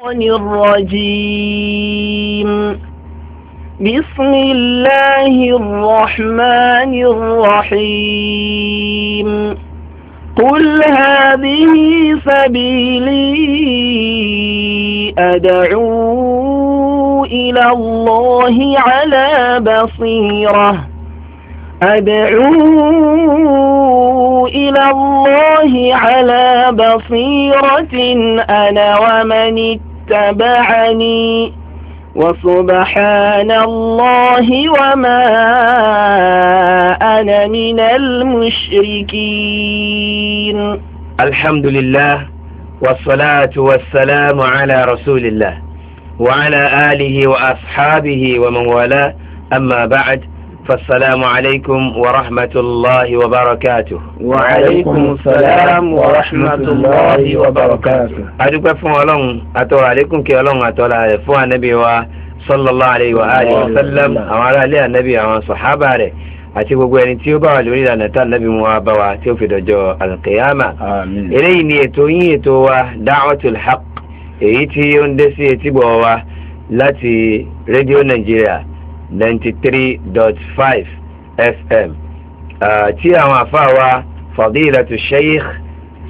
الرجيم بسم الله الرحمن الرحيم قل هذه سبيلي أدعو إلى الله على بصيرة أدعو إلى الله على بصيرة أنا ومن اتبعني وسبحان الله وما أنا من المشركين الحمد لله والصلاة والسلام على رسول الله وعلى آله وأصحابه ومن والاه أما بعد فالسلام عليكم ورحمة الله وبركاته وعليكم السلام ورحمة الله وبركاته أدوك فون أتو عليكم كي ألون أتولى فون نبي صلى الله عليه وآله وسلم أمر لي النبي أمر صحابة عليه àti gbogbo ẹni tí ó bá wà lórí ìlànà tá nàbí mu wa bá wa tí ó fi dọjọ́ alkiyama eléyìí ni ètò ninety three dot five fm tí àwọn àfáàwá fadilatu sheikh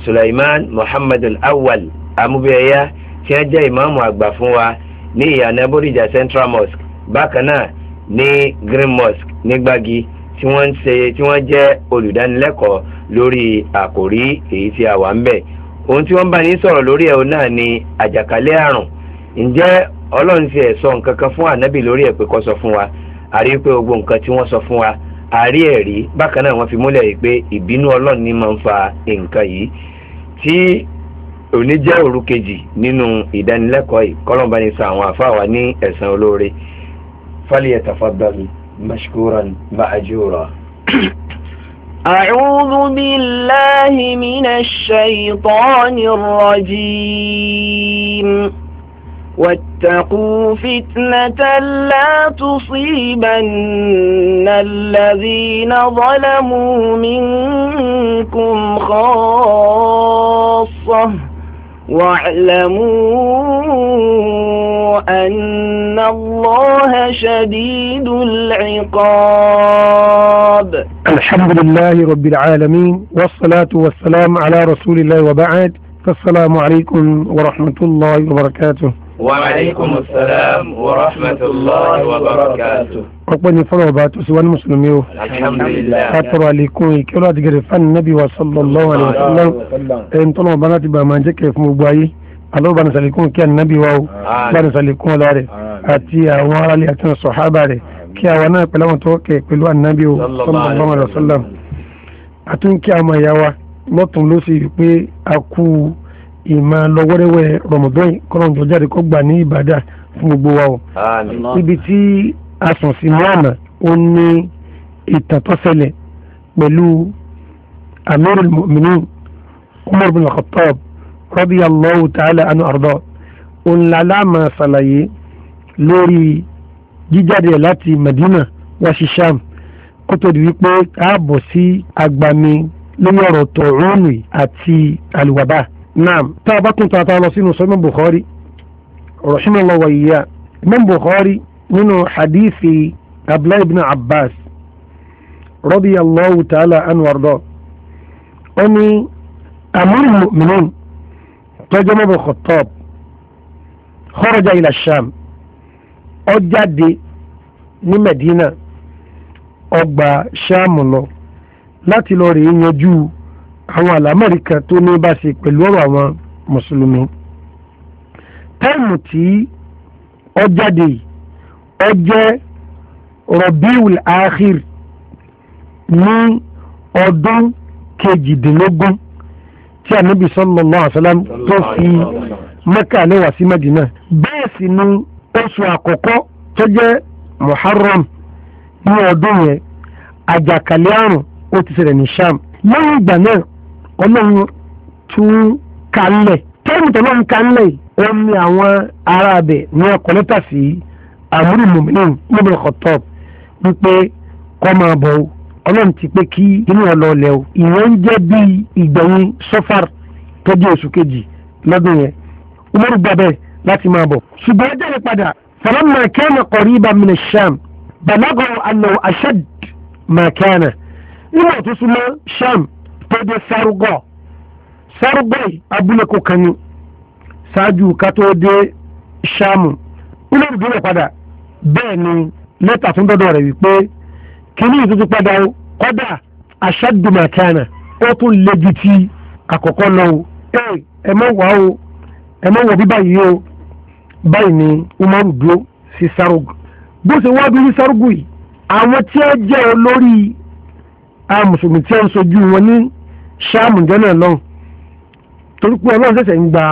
suleiman muhammad al-awwal amúbíyẹyà tí wọ́n jẹ́ ìmáàmù àgbà fún wa ní ìyànà bódìjà central mosque bákan náà ní green mosque ní gbági tí wọ́n ń ṣe tí wọ́n jẹ́ olùdánilẹ́kọ̀ọ́ lórí àkòrí èyí tí a wà ń bẹ̀ ohun tí wọ́n bá ní sọ̀rọ̀ lórí ẹ̀ náà ni àjàkálẹ̀ àrùn ǹjẹ́ ọlọ́run fi ẹ̀sọ́ nǹkan kan fún ànábì lórí ẹ̀ pé kó sọ fún wa àrí pé gbogbo nǹkan tí wọ́n sọ fún wa àrí ẹ̀rí bákan náà wọ́n fi múlẹ̀ yìí pé ìbínú ọlọ́run ni máa ń fa nǹkan yìí tí òní jẹ́ òru kejì nínú ìdánilẹ́kọ̀ọ́ yìí kọ́lọ́mbà ní sa àwọn àfa wa ní ẹ̀san olóore falyatafaddal mashkuran ma'jura. أعوذ بالله من الشيطان الرجيم واتقوا فتنة لا تصيبن الذين ظلموا منكم خاصة واعلموا أن الله شديد العقاب الحمد لله رب العالمين والصلاة والسلام على رسول الله وبعد فالسلام عليكم ورحمة الله وبركاته وعليكم السلام ورحمة الله وبركاته ọpẹ́ni fọ́lọ̀ ọba tó sì wá ní mùsùlùmí o látọ̀rọ̀ àlékún ìkẹ́lọ́ àdìgẹ̀rẹ̀ fáànì nábì wa sallallahu alaihi wasallam ẹni tọ́nà ọba láti bá máa jẹ́kẹ̀ fún gbogbo ayé alóba ní sàlékún kí ànábì wa o bá ní sàlékún ọlá rẹ̀ àti àwọn aráàlú àti sọ̀hábà rẹ̀ kí àwọn náà pẹ̀lú àwọn tó kẹ̀ pẹ̀lú ànábì o sallallahu alaihi wasallam àtúnkí àwọn ìyá wa lọ́tún ló sì a kú ìmọ̀ lọ́wọ́rẹ́wẹ́ rọmọdún kọ́nà tó jáde kó gbà ní ìbàdà fún gbogbo wa o. ibi tí a sùn sí mọ́ọ̀nà ó ní ìtàn tó ṣẹlẹ̀ pẹ̀lú amirul mu'minin umar bin khattab radiyallahu ta'ala anu arda ònlàlá máa lori lórí jíjáde láti madina wá sí sham di wípé a bọ̀ agbami lórí ọ̀rọ̀ tọ̀rọ̀nù àti àlùwàbá naam tá a bá tún tata lọ sínú sọ́mọ́ Bukhari rahimahullah wa iya imam Bukhari nínú hadithi abdullahi ibn abbas radiyallahu ta'ala anhu wardo ó ní amúlù mu'minun tọ́jọ́ mọ́bù Khattab kharaja ila sham ó jáde ní medina ó sham lọ láti lọ rèé yanjú àwọn àlámọ̀rí kan tó ní bá ṣe pẹ̀lú ọ̀rọ̀ àwọn mùsùlùmí táìmù tí ó jáde ó jẹ́ rọ̀bíùl áhìr ní ọdún kejìdínlógún tí ànábì sallallahu alaihi wasallam tó fi mẹ́kà níwà sí mẹ́dínà bẹ́ẹ̀ sì ni oṣù àkọ́kọ́ tó jẹ́ muharram ní ọdún yẹn àjàkálẹ̀ àrùn ó ti ṣẹlẹ̀ ní sham lẹ́yìn ìgbà náà ọlọ́run tún kalẹ̀ tẹ́lẹ̀ tẹ́lẹ̀ ń kalẹ̀ wọ́n ní àwọn ará abẹ ní ọkọ̀ lẹ́tà sí àmúrí mòmìnir níbi ọ̀tọ̀ wípé kọ́ máa bọ̀ o ọlọ́run ti pé kí inú ẹ lọ o ìwọ́n ń jẹ́ bí ìgbẹ̀yìn sọ́fàr tọ́jú oṣù kejì lọ́dún yẹn umaru gbà bẹ́ẹ̀ láti máa bọ̀ ṣùgbọ́n ẹjẹ́ rẹ̀ padà falamma kana qariban min ash-sham balagha annahu ashad ma kana nígbà tó súnmọ́ sham dédé sárúgọ̀ sárúgọ̀ yìí abúlé kò kan ní ṣáájú ká tó dé ṣáàmù ilé ìdúró padà bẹ́ẹ̀ ni lẹ́tà tún dọ́dọ̀ rẹ̀ wípé kíní ìtútù padà o kọ́dà aṣáàdùmàkánà ó tún lẹ́gi ti àkọ́kọ́ lọ o ẹ ẹ mọ̀ wá o ẹ mọ̀ wọ bí báyìí o báyìí ni umaru dúró sí sárúgọ̀ bó ṣe wá bí sárúgọ̀ yìí àwọn tí ó jẹ́ olórí àwọn mùsùlùmí tí ó ń sojú wọn ní ṣáàmù jọ́nà náà torí pé ọlọ́run ṣẹ̀ṣẹ̀ ń gba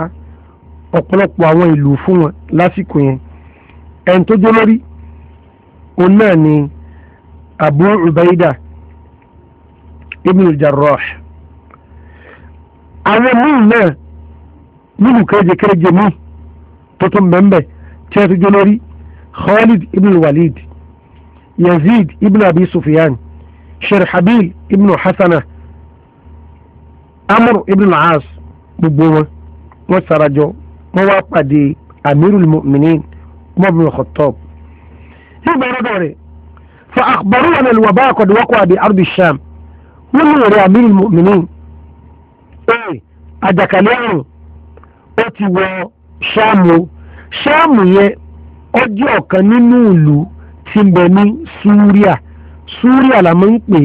ọ̀pọ̀lọpọ̀ àwọn ìlú fún wọn lásìkò yẹn ẹni tó jó lórí òun náà ni Abu Ubaida ibn al-Jarrah àwọn míì náà nílù kéréjekérèje míì tó tún bẹ́ẹ̀ tí wọ́n tó jó lórí Khalid ibn Walid Yazid ibn Abi Sufyan Sherhabil ibn Hasana amúrù ibn al-as gbogbo wọn wọn sarajọ wọn wá pàdé amirul mu'minin umar bin khattab nígbà yẹn dọ̀rẹ̀ fa akhbaru wọn lè wà bá àkọ́dé wọ́kọ̀ àbí arbi sham wọn ní ọ̀rẹ́ amirul mu'minin ee àjàkálẹ̀ àrùn ó ti wọ sham o sham yẹn ọjọ́ ọ̀kan nínú ìlú tí ń bẹ ní súríà súríà la máa ń pè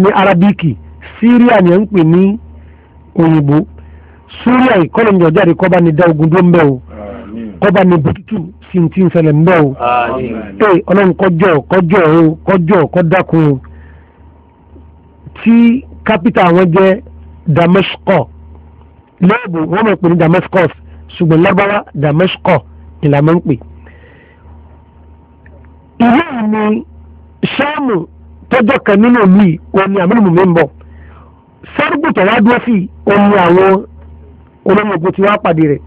ní arabiki síríà ni ń pè ní òyìnbó súríà ìkọlọ̀njọ jáde kọ́ba ni dá ogun dó ń bẹ̀ o kọ́ba ni bututu sí ti ń ṣẹlẹ̀ ń bẹ̀ o ee ọlọ́run kọjọ́ kọjọ́ o kọjọ́ kọ́dákun o tí kápítà àwọn jẹ́ Damascus lẹ́ẹ̀bù wọ́n mọ̀ pé ní Damascus ṣùgbọ́n lágbára Damascus ni la máa ń pè. ilé ìní sáàmù tọ́jọ́ kan nínú mi òní àmì ìmùmí ń bọ̀. sárúgbò tó wá dúró sí omi àwọn olómi tí wọ́n pàdé rẹ̀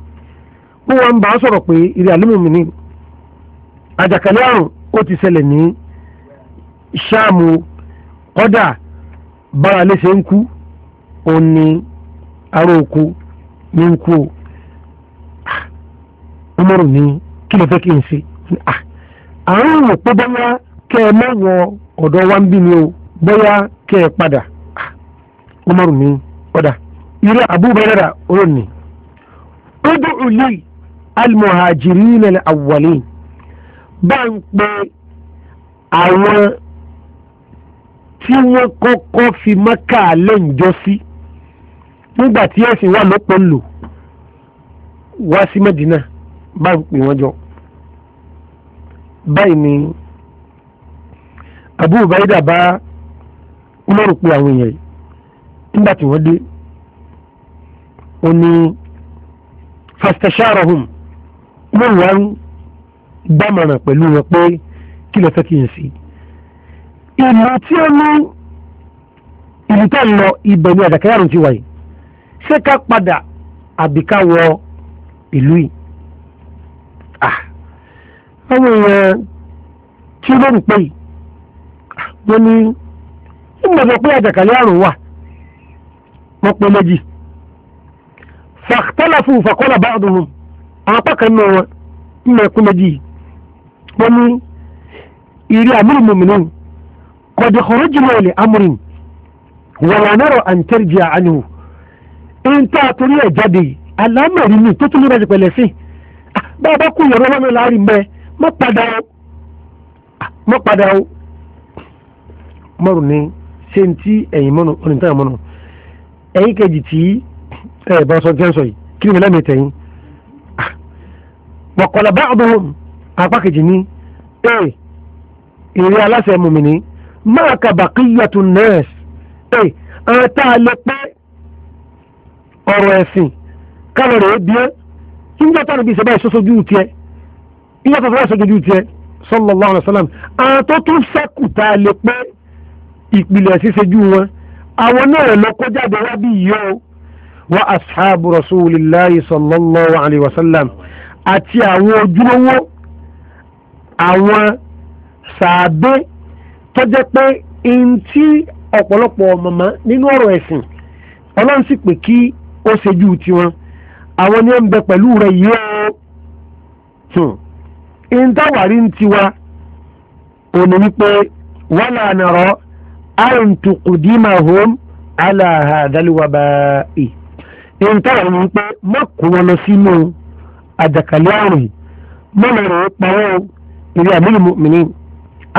wọ́n wọ́n ń bá a sọ̀rọ̀ pé ìrẹ́ àlùmọ̀mí ni àjàkálẹ̀ àrùn ó ti ṣẹlẹ̀ ní ṣáàmù kọ́dà bára léṣe ń kú òun ni aró oko ní ń kú o ọmọrùn ah, ah, ni o kẹ́ Umar ní ọ̀dà irú abúbẹ̀rẹ̀dà ọ̀rọ̀ ni ọdún òlì almuhajiri al awwalin bá ń pe àwọn tí wọ́n kọ́kọ́ fi maka lẹ́ǹjọ́ sí nígbà tí wà lọ́pọ̀ wá sí Mẹ́dínà bá ń jọ ni Abu Ubaida ba Umaru pe nígbà tí wọ́n dé ó ní fastasharahum ló wà ń dámọ̀ràn pẹ̀lú wọn pé kí lọ fẹ́ kí n sí ìlú tí ó ní ìlú tá lọ ibẹ̀ ní àjàkáyàrùn ti wáyé ṣé ká padà àbí wọ ìlú yìí ah, àwọn èèyàn tí ó lórí pé ah, wọ́n ní ìmọ̀jọ̀ pé àjàkálẹ̀ àrùn wà wọ́n pẹ́ méjì fàtàlàfù fàkọ́là bá ọdún wọn àwọn apákan náà wọn nílẹ̀ ẹ̀kú méjì wọ́n ní ìrí àmúlù mòmìnà kọjá ọ̀rọ̀ jùlọ ilẹ̀ amúrin wọ̀rọ̀ anárọ̀ àǹtẹ́rìjì àánú ń tá a torí ẹ̀ jáde alámọ̀rí mi tó tún ní ìrẹsì pẹ̀lẹ́ sí ah, bá kú ìyọ̀rọ̀ wọn láàrin mẹ́ mọ́ padà ó ah, mọ́ padà ó mọ́rùn ní ṣe ń tí ẹ̀yìn mọ́nù ọ̀nìtàn mọ́nù ẹ̀yìn kejì tí ẹ̀ bá sọ jẹ́ sọ yìí kí ni lẹ́mìí tẹ̀yìn wọ̀kọ̀lá bá ọ̀bọ̀ apá kejì ní ẹ̀ èrè aláṣẹ mùmìnì máa ka bàkíyàtù nẹ́ẹ̀sì ẹ̀ àwọn tá a lè pẹ́ ọ̀rọ̀ ẹ̀sìn káwọn rẹ̀ bí ẹ́ nígbà tó àdébí ìṣẹ̀bá ìṣojú tiẹ̀ nígbà tó àdébí ìṣojú tiẹ̀ sallallahu alaihi wasallam àwọn tó tún sẹ́kù tá a lè pẹ́ ìpìlẹ̀ ṣíṣe jù wọn. àwọn náà lọ kó jáde wá bí wa ashabu rasulillahi sallallahu alayhi wa sallam àti àwọn ojúlówó àwọn sàábé tó jẹ́ pé ntí ọ̀pọ̀lọpọ̀ mọ̀mọ́ nínú ọ̀rọ̀ ẹ̀sìn ọlọ́run sì pé kí ó ṣejú tiwọn àwọn ni ó ń bẹ pẹ̀lú rẹ̀ hmm. ń tiwa òní wípé wọ́n an tuqdimahum ala hadhal waba'i ìyẹn táwọn ọmọ pé má kó wọn lọ sínú àjàkálẹ̀ àrùn mọ́nà rẹ̀ pawọ́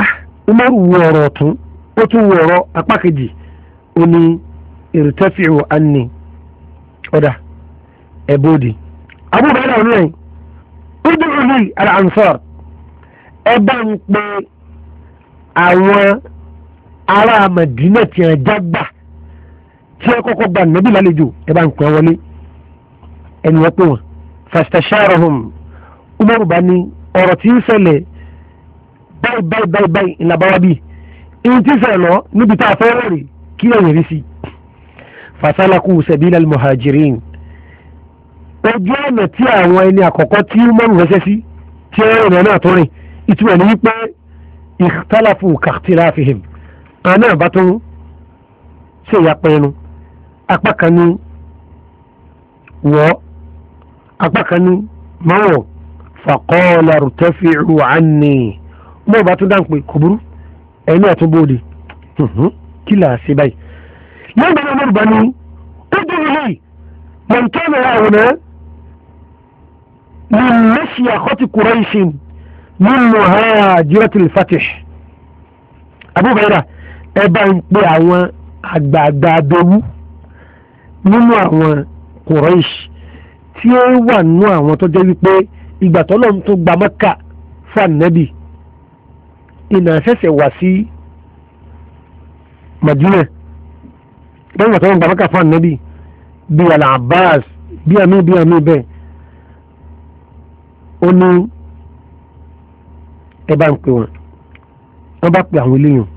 ah umaru wọ ọ̀rọ̀ ọ̀tún ó tún wọ ọ̀rọ̀ apá kejì ó irtafi'u anni ọ̀dà ẹ̀bọ́dì abúlé ẹ̀dá ọ̀nà yìí ó al-ansar pe ará Mẹdínà tí wọn jágbà tí wọn kọ́kọ́ gba nàbí lálejò ẹ bá ń pè wọlé ẹni wọn pè wọn fastasharahum umaru bá ní ọ̀rọ̀ tí ń ṣẹlẹ̀ báyìí báyìí báyìí báyìí ìlàbáwá bíi ìyẹn tí ń ṣẹlẹ̀ lọ níbi tá a fẹ́ rẹ̀ kí ẹ̀yìn rí sí sabila muhajirin ojú ọ̀nà tí àwọn ẹni àkọ́kọ́ tí umaru rẹ́sẹ́ sí tí ẹ̀rọ náà tó ìtumọ̀ ní wípé ikhtalafu kaktilafihim àwọn náà bá tún ṣe ìyapa ẹnu apá kan ní wọ́ apá kan ní máwọ̀ faqala irtafi'u anni mo bá tún dáhùn pé kò burú ẹni ọ̀tún bóde kí là á ṣe báyìí. lẹ́yìn náà mo rò bá ní ó dé ilé àwòrán ní mẹ́ṣíà kọ́tì kúrẹ́ṣin nínú ha jírẹ́tìlì fatih abúbẹ̀rẹ̀ ẹ bá ń pe àwọn àgbààgbà abẹ́wú nínú àwọn Quraysh tí ó wà nínú àwọn tó jẹ́ wípé ìgbà tọ́lọ́run tó gba Mẹ́kà fún ànábì ìnà ṣẹ̀ṣẹ̀ wá sí Madina lẹ́yìn ìgbà tọ́lọ́run gba Mẹ́kà fún ànábì bíi al bíi àmì bíi àmì bẹ́ẹ̀ ó ní ẹ bá ń pè wọn wọ́n bá pè àwọn eléyìí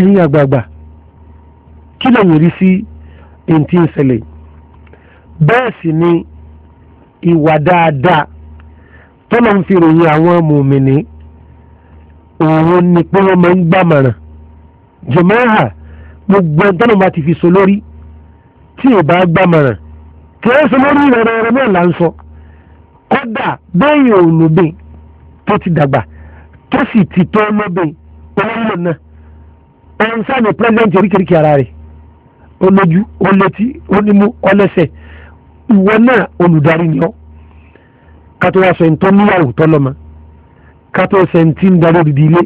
ẹ̀yin àgbààgbà kí lẹ́yìn rí sí èyí tí ń ṣẹlẹ̀ bẹ́ẹ̀ sì ni ìwà dáadáa tọ́lọ̀ ń fi ròyìn àwọn mùmìnì òun ni pé wọ́n máa ń gbàmọ̀ràn jọmọ́hà gbogbo ẹni tọ́lọ̀ bá ti fi so lórí tí ò bá gbàmọ̀ràn kì í so lórí rẹ̀rẹ̀rẹ̀ náà là ń sọ kódà bẹ́ẹ̀ yóò lóbìn tó ti dàgbà tó sì ti tọ́ lóbìn olóńgbò náà ọ̀hún sáàmì president oríkèéríkè ara rẹ̀ ó lójú ó létí ó nímú ó lẹ́sẹ̀ ìwọ náà olùdarí ni ọ́ kátó wá sọ ẹni tó níyàwó tó lọ́mọ kátó ọsẹ ẹni tí ń darí odidi ilé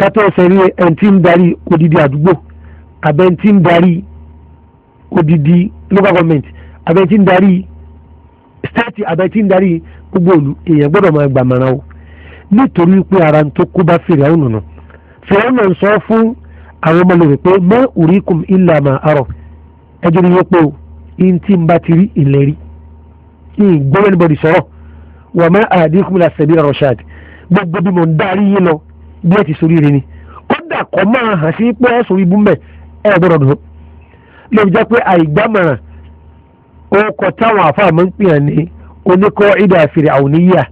kátó ọsẹ ẹni tí ń darí odidi àdúgbò àbẹ ẹni tí ń darí odidi local government àbẹ ẹni tí ń darí state àbẹ ẹni tí ń darí gbogbo òlu èèyàn gbọ́dọ̀ máa gbàmọ̀ràn o nítorí pé ara tó kó bá fèrè àwọn nùnú fèrè àwọn nà sọ fún àwọn ọmọ lèrè pé mọ urikum illa ma arọ ẹjọ́ ni yóò pé o in tí n bá ti rí ìlérí ní ìgbọ́n anybody sọ̀rọ̀ wà má àdínkù la sẹ̀bi rọ̀ṣad gbogbo bí mo ń darí yín lọ bí ẹ ti sori rẹ ni kódà kọ́ máa hàn sí pé ẹ sori búmbẹ̀ ẹ gbọ́dọ̀ dùn lè jẹ́ pé àìgbámọ̀ràn ọkọ̀ táwọn àfàmọ́ ń pè ní oníkọ́ ìdá àfìrì àwòníyà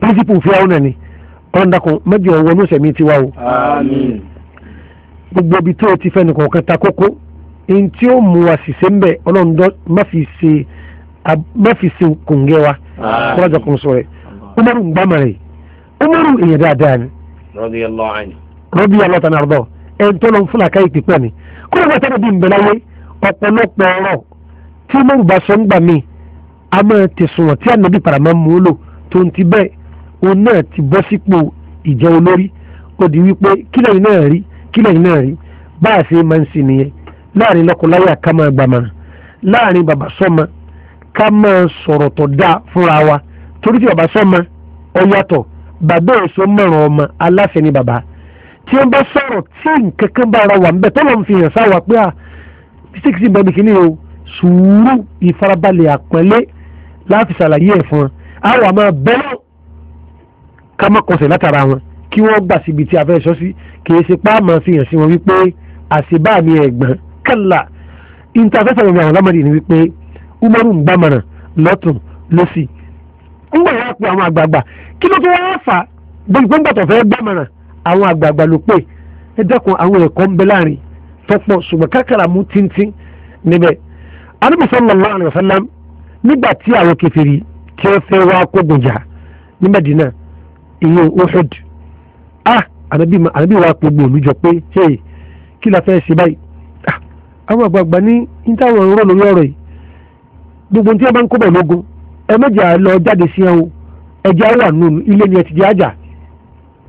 pírísìpù fíà ọ̀nà ni ọ̀ndàkùn mẹ́jọ wọnú sẹ̀mí tiwa o. àmín gbogbo ibi tó o ti fẹnu kọ̀ọ̀kan ta kókó ẹni tí ó mú wa ṣiṣẹ́ ń bẹ̀ ọlọ́run dọ́ má fi ṣe kòǹgẹ́ wa kọ́lájà kan sọ̀rọ̀ ẹ̀ umaru ń gbàmà rẹ̀ umaru èèyàn dáadáa ni. rọ́bì yàrá tán àrùbọ̀ ẹ̀ ń tọ́lọ́ fún àkáyè pípẹ́ ni kó lè wá tẹ́lẹ̀ bí nbẹ̀lẹ́ yé ọ̀pọ̀lọpọ̀ ọ̀rọ̀ tí umaru bá sọ ń gbà mí a máa tẹ̀sùn tí ànábì paramá mú lò tó ti bẹ́ẹ̀ òun náà ti bọ́ sípò ìjẹ́ olórí ó wípé kílẹ̀ yìí náà rí kílẹ̀ náà rí bá a ṣe máa ń sin nìyẹn láàrin lọ́kọláya ká máa gbàmọ̀ràn láàrin bàbá sọ́mọ ká máa sọ̀rọ̀ tó dáa fúnra wa torí tí bàbá sọ́mọ ọ yàtọ̀ bàbá èso mọ̀ràn ọmọ aláṣẹ ni bàbá tí wọ́n bá sọ̀rọ̀ tí nǹkan kan bá ara wà ń bẹ̀ tó lọ́n fi hàn sáwà pé à bísíkì sí bẹ́ẹ̀ nìkíní o sùúrù ìfarabalẹ̀ àpọ́nlé láti ṣàlàyé ẹ̀ fún wọn àwọn àmọ́ bẹ́ẹ̀ ká má kọsẹ̀ látara wọn kí wọ́n gbà síbi tí a fẹ́ sọ sí kì í ṣe páàmọ́ fi hàn sí wọn wípé àṣebá mi ẹ̀gbọ́n kálá ìntàfẹ́sọ̀rọ̀ mi àwọn ọlọ́mọdé ni wípé umaru ń gbàmọ̀ràn lọ́tún lọ́sì ń gbà wá pé àwọn àgbààgbà kí ló tó wá fà gbogbo gbàtọ̀ fẹ́ gbàmọ̀ràn àwọn àgbààgbà ló pè ẹ dẹ́kun àwọn ẹ̀kọ́ ń bẹ láàrin tọ́pọ̀ ṣùgbọ́n kákàrà mú tíntín níbẹ̀ Ànábì sallallahu Uhud ànábì wa gbogbo olùjọ pé hey kí la fẹ́ ṣe báyìí ah, àwọn àgbààgbà ní nítawọn ń rọ lórí ọ̀rọ̀ yìí gbogbo tí wọ́n bá ń kó bọ̀ lógun ẹ mẹ́jà lọ jáde sí ẹ̀hún ẹ̀jẹ̀ wà nù ilé ni ẹ ti jẹ́ àjà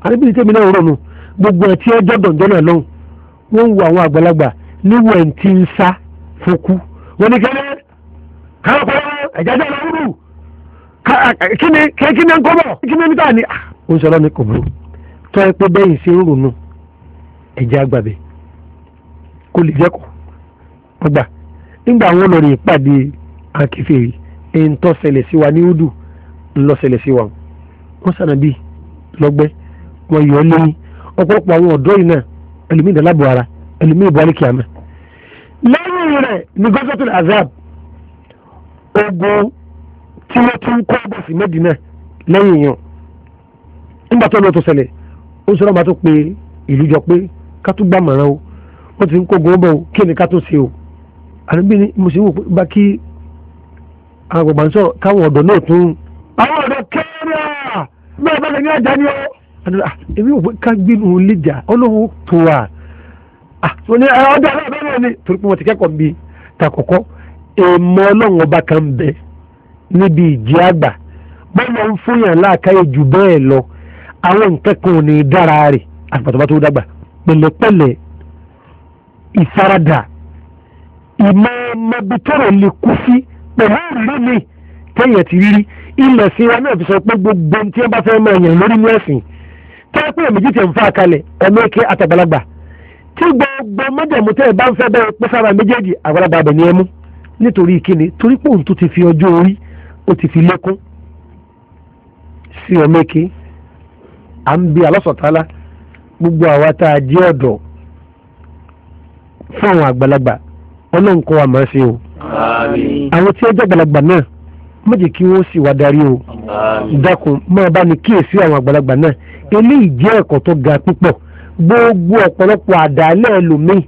ànábì ní tèmi náà rọ̀ nù gbogbo ẹ̀ tí ẹ jọ́dọ̀ jọ́nà lọ́hùn wọ́n ń wo àwọn àgbàlagbà níwọ̀ ẹ̀ ti ń sá fokú wọ́n ní kẹ́lẹ́ káwọn kọ́ ẹ̀jẹ̀ jẹ́ lọ́wọ́rù kí ni kí ni ń kọ́ bọ̀ kí ni tó ẹ pé bẹ́yìn sí ń ronú ẹ̀jẹ̀ àgbàbẹ̀ kò lè jẹ́kọ̀ ọgbà nígbà wọn lọ rìn ìpàdé akẹfẹ̀rí tó ṣẹlẹ̀ sí wa ní udu ńlọ ṣẹlẹ̀ sí wa wọn sànàbí lọ́gbẹ́ wọn yọ ọ́ lẹ́yìn àwọn ọ̀dọ́ yìí náà ẹlòmíì dàlábọ̀ ara ẹlòmíì bọ́ alẹ́kìá lẹ́yìn rẹ̀ ní azab ogun tí wọ́n tún kọ́ bọ̀ sí mẹ́dínà lẹ́yìn ó sọ̀rọ̀ máa tó pe ìlú jọ pé ká tó gbà mọ̀ràn o wọ́n ti ń kógun ó bọ̀ o kí ni ká tó ṣe o àdúgbò ni mo sì wò pé bá kí àwọn àgbàgbà ń sọ̀rọ̀ káwọn ọ̀dọ́ náà tún. àwọn ọ̀dọ́ kẹ́rẹ́ bẹ́ẹ̀ bá lè ní àjà ni ó. èmi ò pé ká gbínú lìjà ọlọ́run tó wà. wọ́n ní ọ̀dọ́ àbẹ́rẹ́ ni torí pé wọ́n ti kẹ́kọ̀ọ́ bíi takọ̀kọ́ èèmọ̀ ọlọ́run ọba kan bẹ níbi ìjì àgbà bọ́ọ̀lù ń fún yàn láàkáyè jù bẹ́ẹ̀ lọ àwọn nǹkan kan ò ní dára rẹ̀ àgbàtọ́ bá tó dàgbà pẹ̀lẹ́pẹ̀lẹ́ ìfaradà ìmọ̀ ọmọbitọ́rọ̀ lè kú sí pẹ̀lú ìrírí mi tẹ́yẹ̀ ti rí ilẹ̀ sí wa náà fi sọ pé gbogbo tí wọ́n bá fẹ́ máa yàn lórí ní ẹ̀sìn tẹ́lẹ̀ pé èmi jíjẹ̀ ń fa àkàlẹ̀ ọmọ eke àtàgbàlagbà tí gbogbo mọ́jàmú tẹ́ bá ń fẹ́ bẹ́ẹ̀ pé sára méjèèjì àgbàlagbà abẹ̀ ni ẹ mú nítorí kíni torí pé tó ti fi ọjọ́ orí ó ti fi lékún sí ọmọ eke à ń bi alọ́sọ̀tálá gbogbo àwa tá a jẹ́ ọ̀dọ́ fún àwọn àgbàlagbà ọlọ́run kọ́ wa máa ṣe o àwọn tí ó jẹ́ àgbàlagbà náà má jẹ́ kí wọ́n sì wá darí o dákun máa bá ní kíyèsí àwọn àgbàlagbà náà eléyìí jẹ́ ẹ̀kọ́ tó ga púpọ̀ gbogbo ọ̀pọ̀lọpọ̀ àdálẹ́ ẹlòmíì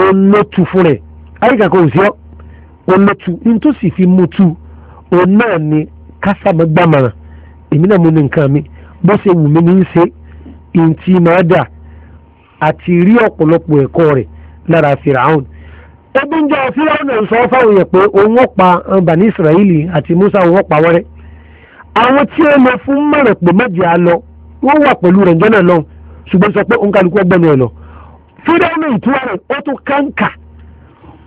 olótu fún rẹ̀ ayíkà kò sí ọ́ olótu nítòsí fi mú òun náà ni kásámẹ́gbàmọ̀ràn èmi náà mú ní nǹkan mi bó ṣe wù mí ní í ṣe ìǹtí máa dà àti rí ọ̀pọ̀lọpọ̀ ẹ̀kọ́ rẹ̀ lára firaun ẹbí ń firaun náà sọ fáwọn yẹn pé òun ó pa ọba eh, israeli àti musa òun ó pa wọ́n rẹ́ àwọn tí ó lọ fún mọ̀rẹ̀ pé méje á lọ wọ́n wà pẹ̀lú rẹ̀ jọ́nà lọ ṣùgbọ́n sọ pé òun kálukú ọgbọ́n ẹ̀ lọ firaun ìtura rẹ̀ ó tún káńkà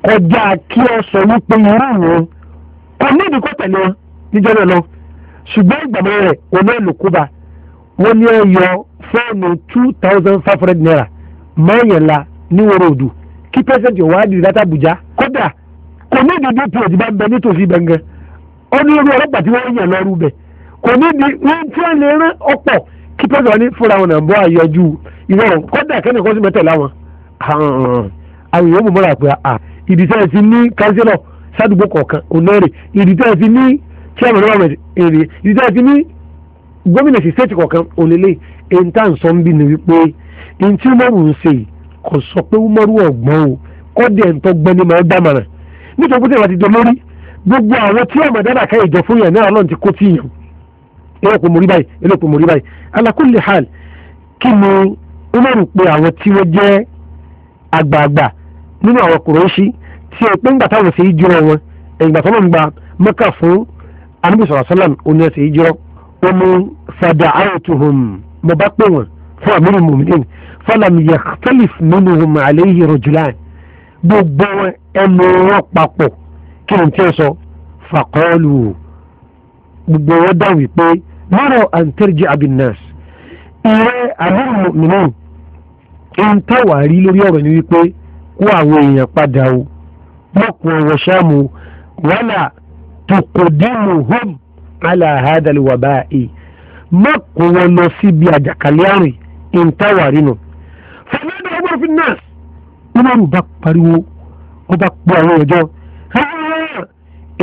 kọjá kí ọ sọ wípé irú wọn kò ní ìdíkọ́ tẹ̀lé wọn níjọ́ náà lọ ṣùgbọ́n ìgbàmọ́ rẹ̀ òun náà lò kúba wọ́n ní ọyọ fọ́ọ̀nù two thousand five hundred naira mọ́ọ̀yẹ̀la ní wọ́rọ̀ òdu kí pẹ́sẹ̀ntì ọ̀wá àdìrí láti Àbújá kódà kò ní ìdí dps bá ń bẹ nítòsí gbẹngàn ó ní irú ọlọ́pàá tí wọ́n yàn lọ́rù bẹ̀ kò ní ìdí wọ́n tí wọ́n lè rán ọ̀pọ̀ kí pẹ́sẹ̀ wọn ní fúnra wọn náà bọ́ àyọjú ìwọ̀n kódà kẹ́ni kan mẹ́tẹ̀ láwọn àwọn èèyàn mọ̀mọ́ra pé ìdísẹ́ ti ní kánsílọ̀ sádùgbò kọ̀ọ̀kan ònẹ́rì ìdísẹ́ ti ní chairman of government ìdísẹ́ ti ní gómìnà sí stéètì kọ̀ọ̀kan òlélẹ̀ èyí tá à ń sọ ń bí ni wípé èyí tí umaru ń ṣe kò sọ pé umaru ọ̀gbọ́n o kọ́dí ẹ̀ ń tọ́ gbẹ́ni máa dámàrà nítorí pé tẹ̀wá ti dọ lórí gbogbo àwọn tí ọmọ dáadáa ká ìjọ fún yàn náà ọlọ́run ti kó tí yàn ẹlẹ́pọ̀ mórí báyìí ẹlẹ́pọ̀ mórí báyìí ala hal kí ni umaru pé àwọn tí wọ́n jẹ́ àgbààgbà nínú àwọn kùrọ̀ọ́sì tí ẹ pé ńgbà táwọn ṣe é jùrọ̀ wọn ẹ̀yìngbà tó lọ́n gba mẹ́kà fún anábìsọ̀rọ̀ sálàm ṣe é jùrọ̀ ó ní fada'atuhum mo bá pè wọ́n fún amírù mùmínín falam yakhtalif minhum alayhi rajulan gbogbo ẹnu wọn papọ̀ kí ni tí ó sọ faqalu gbogbo wọn dá wípé mọ́rọ̀ an tarji'a bin nas ìrẹ́ amírù mùmínín ń tẹ̀wà lórí ọ̀rọ̀ ni wípé kó àwọn èèyàn padà o mọ̀kùn ọ̀wọ̀ ṣáàmù wala tukodimu hum ala hadal waba'i má kó wọn lọ síbi àjàkálẹ̀ àrùn ìntàwárí nù. fàmílì ọgbà òfin náà umaru bá pariwo ó bá pọ àwọn ọjọ́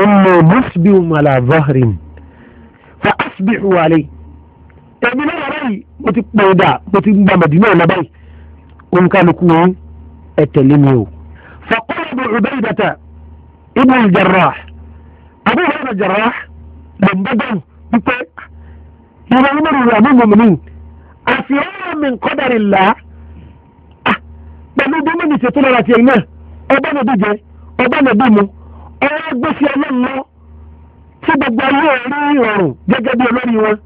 inna musbihum ala zahrin fa asbihu alayhi ẹ̀mí náà báyìí mo ti pọ̀ ẹ̀dá mo ti gba màdínà ọ̀nà báyìí onkanuku wọn ẹ tẹ̀lé mi o. fa qarabu ubaydata ibn al-jarrah abu hurairah jarrah gbẹ̀ngbẹ̀dàn wípé ìwà ọmọdé ìwà ní mọ̀mọ́nì àfi ọ̀rọ̀ mi nkọ́dàrí là á ah, pẹ̀lú bí mo ní ṣètò lọ́la tiẹ̀ náà ọba náà bí jẹ ọba náà bí mu ọ̀rọ̀ gbèsè ọlọ́run lọ tí gbogbo ayé rí ìrọ̀rùn gẹ́gẹ́ bí olórí wọn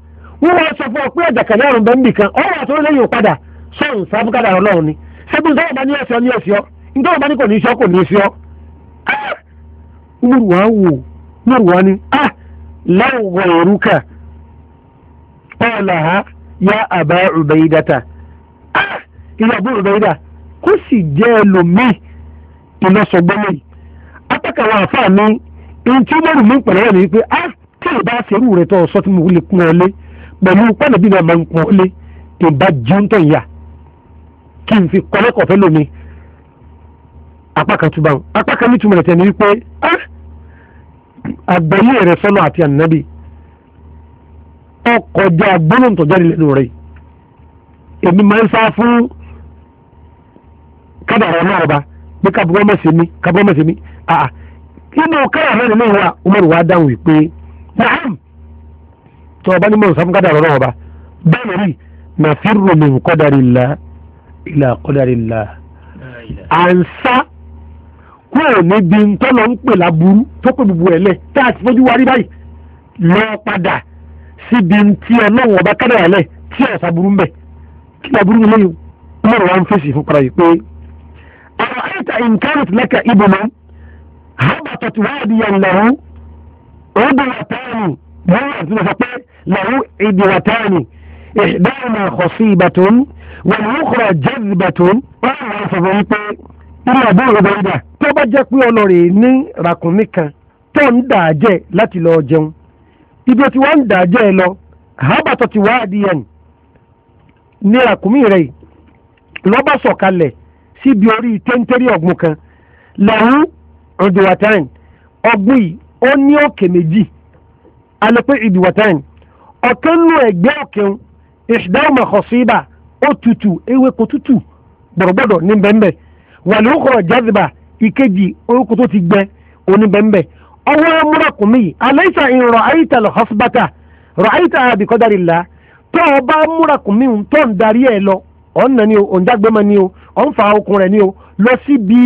wọ́n wọ́n sọ fún ọ pé ẹ̀jàkàlẹ̀ àrùn bẹ́ẹ̀ nìkan ọ̀rọ̀ àti olóyè yóò padà sọ̀rùn sábúkàdà ni ṣẹ́gun sọ̀rọ̀ bá ní ẹ̀sọ́ ní ẹ̀sọ́ nítorí bá ní kò ní í kò ní í ṣọ́. wúrù ah! wá wò wúrù wá ní ah لو غيرك قالها يا أبا عبيدة آه يا أبو عبيدة كسي جيل مي إلا صبني أتك وافاني إنتي مرو من قرآن يقول آه tí o bá serú ah, rẹ tó sọ tí mo lè kún ọ lé pẹ̀lú pẹ́lẹ́bí náà máa ń kún ọ lé tó bá jẹun tó yà kí n fi kọ́lẹ́kọ̀ọ́ fẹ́ lómi apá kan túbà apá kan nítumọ̀ rẹ̀ tẹ̀ ní wípé ah àgbáyé rẹ̀ sọ́nà àti ànábì ọkọjá gbólóhùn tó jáde lẹ́nu rẹ̀ èmi máa ń sá fún kádàrá náà ọba pé kábọ́ mẹ́sẹ̀ mi kábọ́ mẹ́sẹ̀ mi àà inú kádàrá náà nínú wa Umar wa dáhùn wípé naam tó ọba ní mọ̀ sáfún kádàrá náà ọba bẹ́ẹ̀ rí nàfírù min qadarillah ila qadarillah à ń sá kúrò níbi ntọ́lọ ń pè láburú tó pè gbogbo ẹ̀lẹ́ tá a ti fojú wa rí báyìí lọ padà síbi tí ọlọ́run ọba kádà rẹ̀ tí ọ̀sà burú ń bẹ̀ kí láburú ni lẹ́yìn ọmọdé wa ń fèsì fún para yìí pé ọ̀rọ̀ àyẹ̀tà ìǹkárùtì lẹ́kà ìbùnà hábàtọ̀ tí wáyà di yàn lẹ́rú òdìwàtáàni wọ́n wà tí wọ́n sọ pé lẹ́rú ìdìwàtáàni ìdáhùn àkọsí ìbàtún wọ́n mú kọ̀ọ̀ irú àbúrò rẹ̀ gbàgbà tó bá jẹ́ pé ní ràkúnmí kan tó ń dà láti lọ jẹun ibi tí wọ́n ń dà lọ àbàtọ̀ ti wá adìyẹn ní ràkúnmí rẹ̀ lọ́ba sọ̀kalẹ̀ síbi orí ọ̀gbun kan ó ní òkè méjì alẹ́pẹ́ ọ̀kan nù wàlẹ́ òkúrọ̀ jazba ìkejì orúkọ tó ti gbẹ oníbẹ̀ǹbẹ̀ ọwọ́ múrakùnmí yìí aláìsà ìrọ̀ àyíta lọ hasbata rọ̀ àyíta àbíkọ́dárì la tó o bá múrakùnmí ń tó ń darí ẹ lọ ọ̀n nà ni o ọ̀n jágbẹ́mọ ni o ọ̀n fa okun rẹ̀ ni o lọ síbi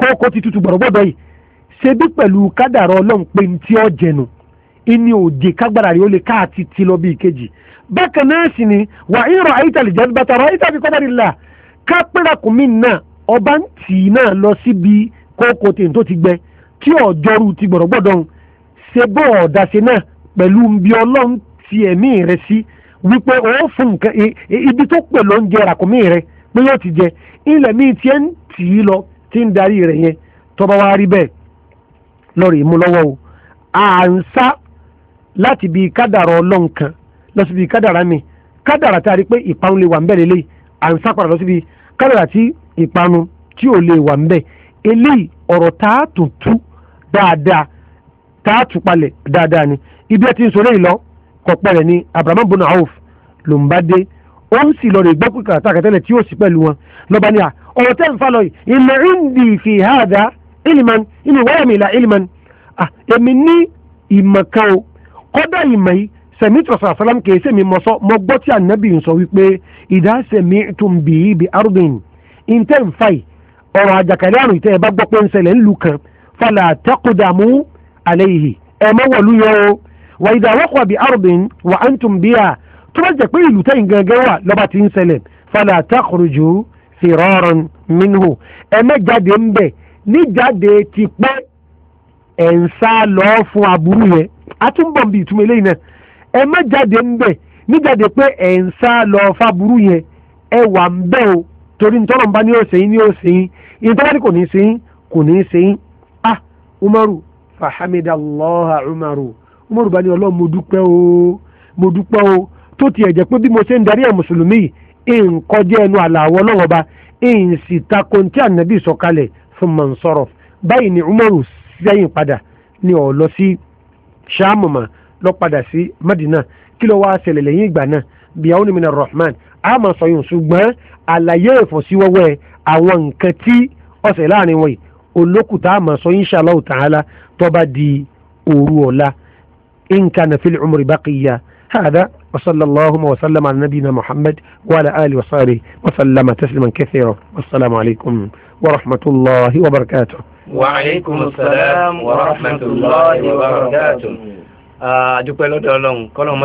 kókó ti tutù gbọ̀rọ̀gbọ̀dọ̀ yìí ṣebí pẹ̀lú kádàrọ̀ ọlọ́run pé ní tí ọ jẹnu ìní òjè kágbára rẹ̀ ó lè káàtì ti lọ bí ìkejì bákan náà sì ni wà ń rọ̀ àyíta lè jẹ́ bàtà rọ̀ àyíta àbíkọ́dárì kápẹ́ràkùnmí náà ọba ń tì í náà lọ síbi kókó tèǹtó ti gbẹ tí ti gbọ̀dọ̀gbọ̀dọ̀ ń ṣe bọ́ ọ̀dàṣe náà pẹ̀lú bí ọlọ́run ti ẹ̀mí rẹ sí wípé ó fún nǹkan ibi tó pè ló ràkùnmí rẹ pé yóò ti jẹ ilẹ̀ míì ń tì lọ tí ń darí yẹn wa rí bẹ́ẹ̀ o à ń sá láti bí ọlọ́run kan lọ sí bí kádàrà à ń sápadà lọ síbi kádàrà tí ìpanu tí ò lè wà ń bẹ̀ eléyìí ọ̀rọ̀ tá tú dáadáa tá palẹ̀ dáadáa ni ibi ẹ ti ń sọ léyìí lọ kọ̀pẹ́ rẹ̀ ni Abraham bin Auf ló ń bá dé ó ń sì lọ rè gbọ́ pípa àtàkàtẹ́lẹ̀ tí yóò sí pẹ̀lú wọn lọ́ba ni à ọ̀rọ̀ tẹ́ ń fa yìí ìmọ̀ ìndì fi hàdá ìlìmọ̀ ìmọ̀ ìwáyàmìlà ìlìmọ̀ èmi ní ìmọ̀ kan o kọ́dọ̀ ìmọ̀ yìí sẹ̀mí tọ̀sán àsálàm kìí sẹ̀mí mọ́sọ́ mọ́ gbọ́ tí ànábì ń sọ wípé ìdá sẹ̀mí tún bì í bi arúgbìn ìntẹ́ ń fàì ọ̀rọ̀ àjàkálẹ̀ àrùn ìtẹ́ ẹ bá gbọ́ pé ń ṣẹlẹ̀ ńlù kan fàlà taqdamu alayhi ẹ mọ́ wọ̀lú yọ o wà ìdá waqa'a bi arúgbìn wà á ń tún bí a tó bá jẹ́ pé ìlú tẹ́yìn gẹ́gẹ́ wà lọ́ba ti ń ṣẹlẹ̀ fàlà takhruju ẹ má jáde ń ensa níjáde pé ẹ̀ ń sá lọ yẹn ẹ o torí ntọ́nà bá ní òsè ní òsè yín kò ní í kò ní umaru umaru umaru bá ní ọlọ́run mo dúpẹ́ o mo dúpẹ́ o tó tiẹ̀ jẹ́ pé bí mo ṣe ń darí ẹ̀ mùsùlùmí ẹnu ànábì sọ̀kalẹ̀ fún ni umaru sẹ́yìn padà ní lọ padà sí Madina kí ló wá ṣẹlẹ̀ lẹ́yìn ìgbà náà bí àwọn onímọ̀ Rahman a máa sọ yòó ṣùgbọ́n àlàyé ìfọ̀síwọ́wẹ́ àwọn nǹkan tí ọ̀sẹ̀ láàrin wọ̀nyí olókùtà a máa sọ insha Allah ta'ala tó bá di òru ọ̀la in kana fil umri baqiya hada wa sallallahu wa sallam ala nabina Muhammad wa ala alihi wa sahbihi tasliman kathira wassalamu alaikum wa rahmatullahi wa barakatuh. wa alaikum assalam wa rahmatullahi wa barakatuh àdúpẹ́ lọ́dọ̀ ọlọ́run kọ́lọ́